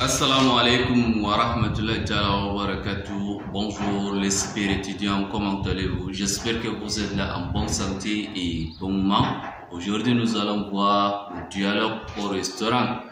Assalamu alaikum wa rahmatullahi ta'ala wa barakatuh. Bonjour les étudiants, comment allez-vous J'espère que vous êtes là en bonne santé et bon moment. Aujourd'hui, nous allons voir le dialogue au restaurant.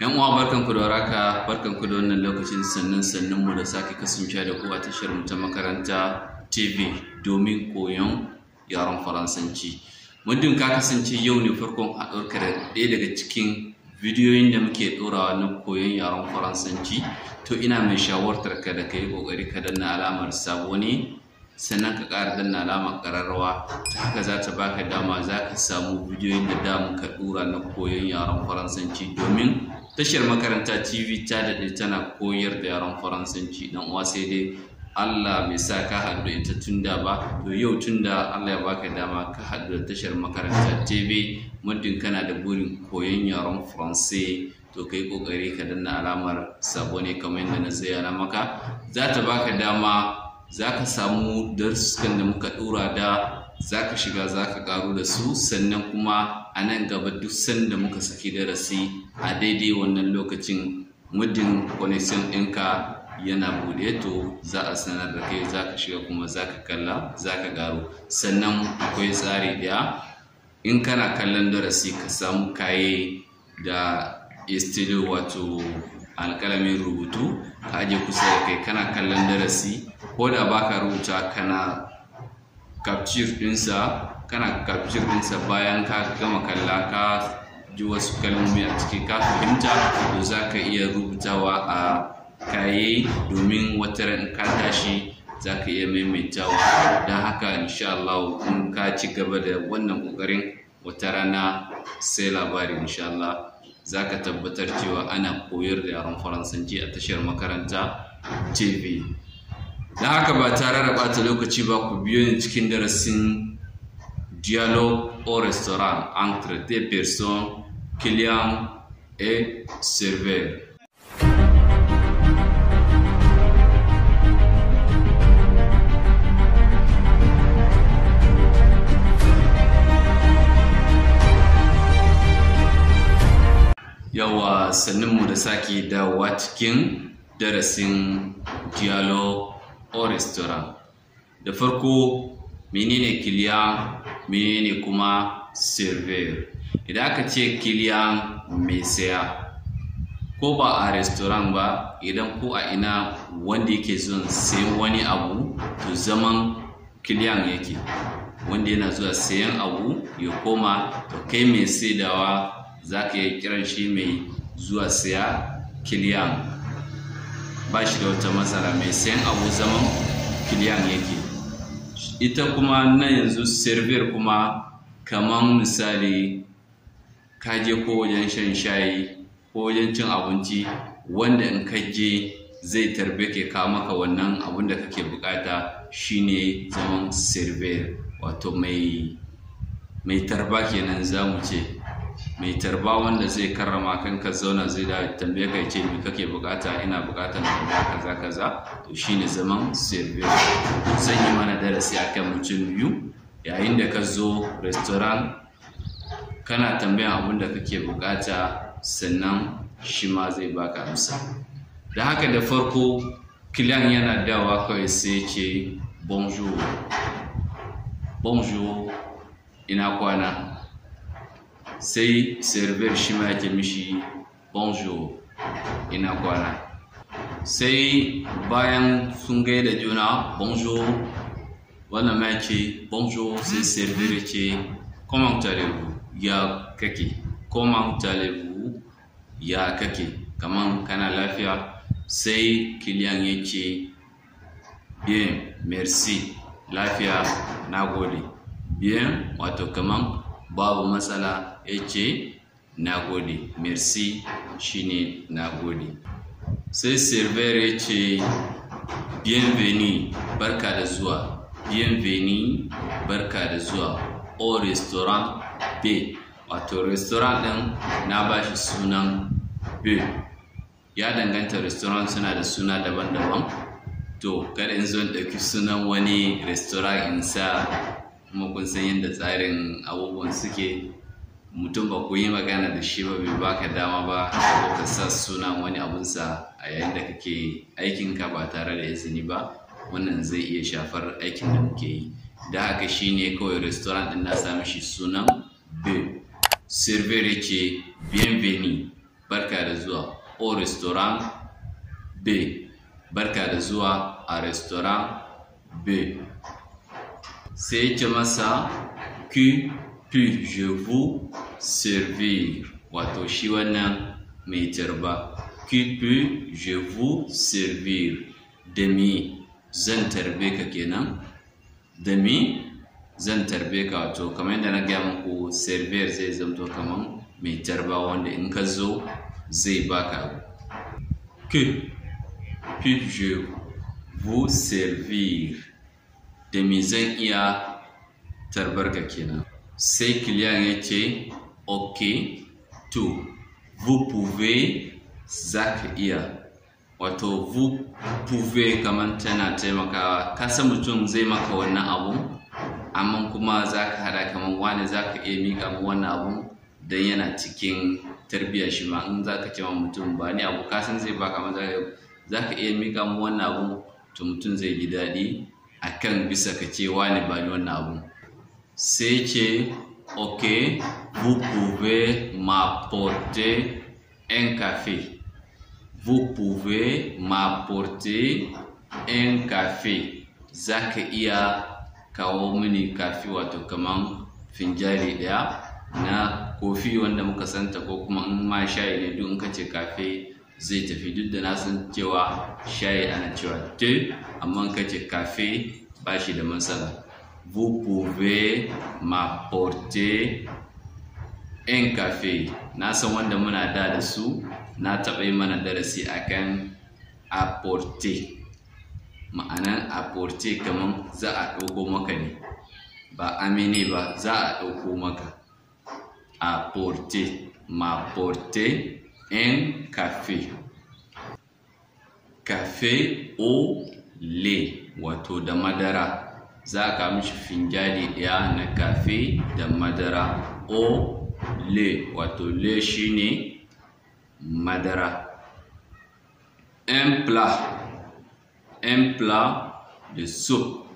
yan uwa barkan ku da waraka barkan ku da wannan lokacin sannan sannan mu da sake kasancewa da ku a tashar mu ta makaranta TV domin koyon yaren Faransanci. Muddin ka kasance yau ne farkon haɗuwar ɗaya daga cikin bidiyoyin da muke ɗorawa na koyon yaron faransanci to ina mai shawartar ka da ka yi ƙoƙari ka danna alamar sabo ne sannan ka ƙara danna alamar ƙararrawa ta haka za ta baka dama za ka samu bidiyoyin da damun ka ɗora na koyon yaron faransanci domin tashar makaranta tv ta daɗe tana koyar da yaron faransanci ɗan uwa sai dai Allah bai sa ka haɗu da ita da ba to yau tun da Allah ya baka dama ka haɗu da tashar makaranta TV muddin kana da burin koyon yaron Faransai to kai kokari ka danna alamar sabo ne kamar yadda na tsaya maka za ta baka dama za ka samu darussukan da muka ɗura da za ka shiga za ka ƙaru da su sannan kuma a nan gaba duk sanda muka saki darasi a daidai wannan lokacin muddin connection ɗinka yana bude to za a sanar da kai za ka shiga kuma za ka kalla za ka garo sannan akwai tsari ɗaya in kana kallon darasi ka samu kaye da istilo wato alƙalamin rubutu ka aje kusa da kai kana kallon darasi ko da ba ka rubuta kana capture ɗinsa kana capture ɗinsa bayan ka gama kalla ka ji wasu kalmomi a ciki ka fahimta to za ka iya rubutawa a ka yi domin wata ran ka tashi za ka iya maimaitawa don haka insha Allah in ka ci gaba da wannan kokarin wata rana sai labari insha Allah za ka tabbatar cewa ana koyar da yaran faransanci a tashar makaranta tv don haka ba tare da ɓata lokaci ba ku biyo ni cikin darasin dialogue au restaurant entre deux personnes client et serveur sanninmu da sake da watkin darasin dialogue or restaurant da farko menene kiliyan menene kuma server idan aka ce kiliyan mai saya ko ba a restaurant ba idan ko a ina wanda yake son sayan wani abu to zaman kiliyan yake wanda yana zuwa sayan abu ya koma to kai mai saidawa za ka yi kiran shi mai zuwa siya kiliyan ba shi da wata matsala mai sayan abu zaman kiliyan yake ita kuma na yanzu servir kuma kamar misali kaje ko wajen shan shayi ko wajen cin abinci wanda in kaje zai tarbe ke kawo maka wannan abin da kake bukata shine zaman servir wato mai mai tarba kenan za mu ce mai tarba wanda zai karrama kan ka zauna zai da tambaye ka ce me kake bukata ina bukatar kaza kaza kaza to shine zaman service sai yi mana darasi akan mutum biyu yayin da ka zo restaurant kana tambayan abun da kake bukata sannan shi ma zai baka amsa da haka da farko kilan yana dawa kawai sai ce bonjour bonjour ina kwana sai server shi ma yake mishi bonjour ina kwana sai bayan sun gaida juna bonjour wannan ma ce bonjour sai server ce comment allez-vous ya kake comment allez-vous ya kake kaman kana lafiya sai kiliyan ya ce bien merci lafiya na gode bien wato kaman babu matsala ya ce na gode merci shine na gode sai server ya ce bienveni barka da zuwa bienveni barka da zuwa o restaurant b wato restaurant din na ba shi sunan b ya danganta restaurant suna da suna daban-daban to kada in zo ɗauki sunan wani restaurant in sa kuma kun san yadda tsarin abubuwan suke mutum ba ku yi magana da shi ba bai baka dama ba ko ka sa sunan wani abunsa a yayin da kake aikinka ba tare da izini ba wannan zai iya shafar aikin da muke yi da haka shi ne kawai restaurant din na sami shi sunan bill server yake bienveni barka da zuwa o restaurant bill barka da zuwa a restaurant bill sai ce masa que puis-je vous servir wato shi wannan mai tarba que puis-je vous servir Demi mi zan tarbe ka kenan da mi zan tarbe ka wato kamar gaya muku servir zai zamto kamar mai tarba wanda in ka zo zai baka que puis-je vous servir da me zan iya tarbar ka kenan sai kiliyan ya ce ok to vous pouvez za ka iya wato vous pouvez kamar tana taimakawa kasan mutum zai maka wannan abu amma kuma za ka hada kamar wani za ka iya mika mu wannan abu don yana cikin tarbiyya shi ma in za ka ce mutum ba ni abu kasan zai baka maza za ka iya mika mu wannan abu to mutum zai ji daɗi akan bisa ka ce wani ba wannan abu sai ce ok vous pouvez m'apporter un café vous pouvez m'apporter un café za ka iya kawo mini kafi wato kaman finjari daya na kofi wanda muka santa ko kuma in ma shayi ne duk in ka ce kafe zai tafi duk da na san cewa shayi ana cewa te amma ka ce kafe ba shi da matsala vous pouvez m'apporter un café na san wanda muna da da su na taɓa yi mana darasi akan apporter ma'anan apporter kamar za a ɗauko maka ne ba amine ba za a ɗauko maka apporter m'apporter un café café au lait wato da madara za ka mishi finjali ɗaya na kafe da madara au lait wato le shine madara un plat de soup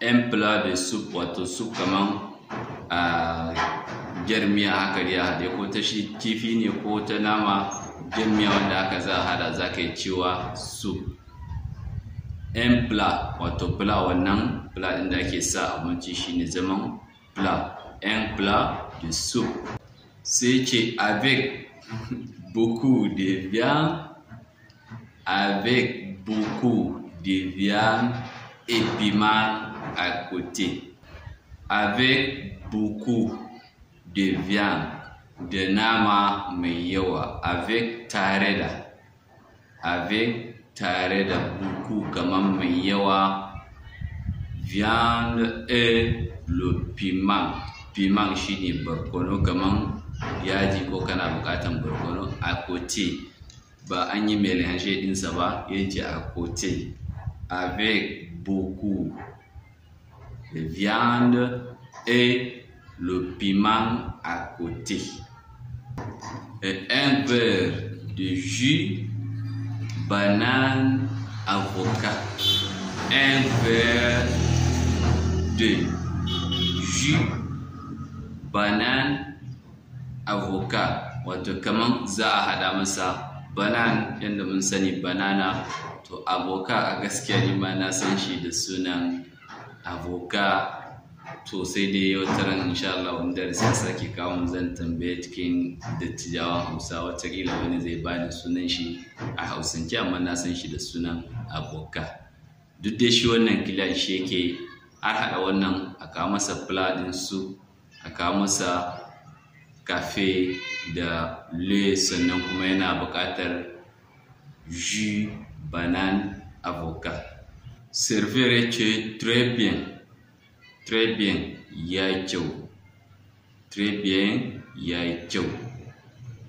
un de soup wato soup kaman ah, a jarmiya haka ya haɗe ko ta shi kifi ne ko ta nama duk miya wanda aka hada za ka yi cewa soup yan pla wato pla wannan pla ɗin da ake sa abinci shine zaman pla yan pla de soup sai ce avec beaucoup de viande avec beaucoup de viande et piment à côté avec beaucoup de viande da nama mai yawa avec tare da avec tare da buku kamar mai yawa viande et le piment piment shine barkono kamar yaji ko kana bukatan barkono a kote ba an yi melanshe dinsa ba yace a kote avec beaucoup de viande et le piment à côté et un verre de jus banane avocat un verre de jus banane avocat wato kaman za a haɗa masa banan yadda mun sani banana to avoka a gaskiya ni ma na san shi da sunan avoka to sai dai wata ran insha Allah wani sai sake kawo zan tambaye cikin dattijawa Hausa wata kila wani zai bani sunan shi a Hausance amma na san shi da sunan aboka duk dai shi wannan kila shi yake har hada wannan a kawo masa fula su a kawo masa kafe da le sannan kuma yana buƙatar jus banan avocat servir ce très bien Très bien, ya kyau. Très bien, ya kyau.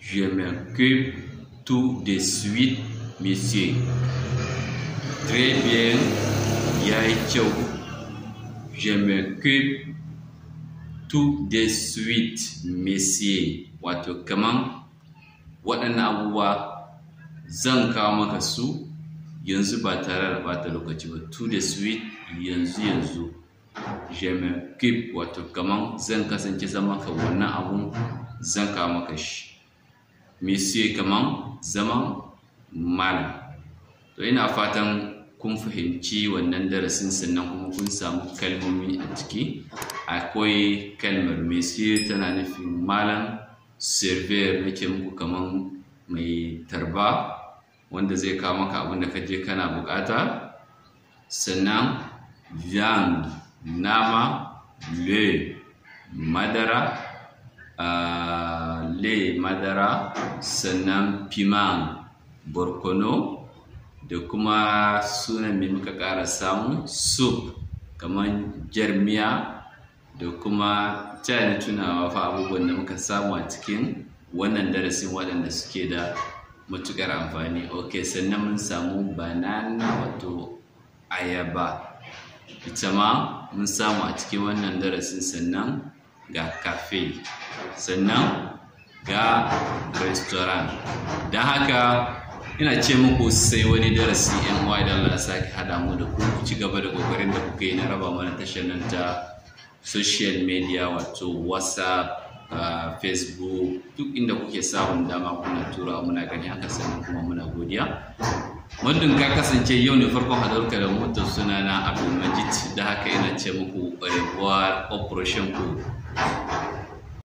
Je m'occupe tout de suite, monsieur. Très bien, ya kyau. Je m'occupe tout de suite, monsieur. Wato kaman waɗannan abubuwa zan kawo maka su yanzu ba tare da bata lokaci ba. To the suite yanzu yanzu. je kip wato kaman zan kasance zaman ka wannan abun zan kawo maka shi monsieur kaman zaman malam to ina fatan kun fahimci wannan darasin sannan kuma kun samu kalmomi a ciki akwai kalmar monsieur tana nufin malam server nake muku kaman mai tarba wanda zai kawo maka abin da kaje kana bukata sannan yang nama le madara uh, le madara sannan piman borkono da kuma sunan mai muka ƙara samu soup kamar jarmiya da kuma cayar tunawa fa abubuwan da muka samu a cikin wannan darasin waɗanda suke da matuƙar amfani ok sannan mun samu banana wato ayaba ita ma mun samu a cikin wannan darasin sannan ga kafe sannan ga restaurant don haka ina ce muku sai wani darasi yan uwa idan Allah sake hada mu da ku ci gaba da kokarin da kuka yi na raba mana tashar nan ta social media wato whatsapp facebook duk inda kuke samun dama kuna tura muna gani haka sannan kuma muna godiya Mundun ka kasance yau ne farkon hadarka da motar sunana majid da haka ina ce muku revoir operation ku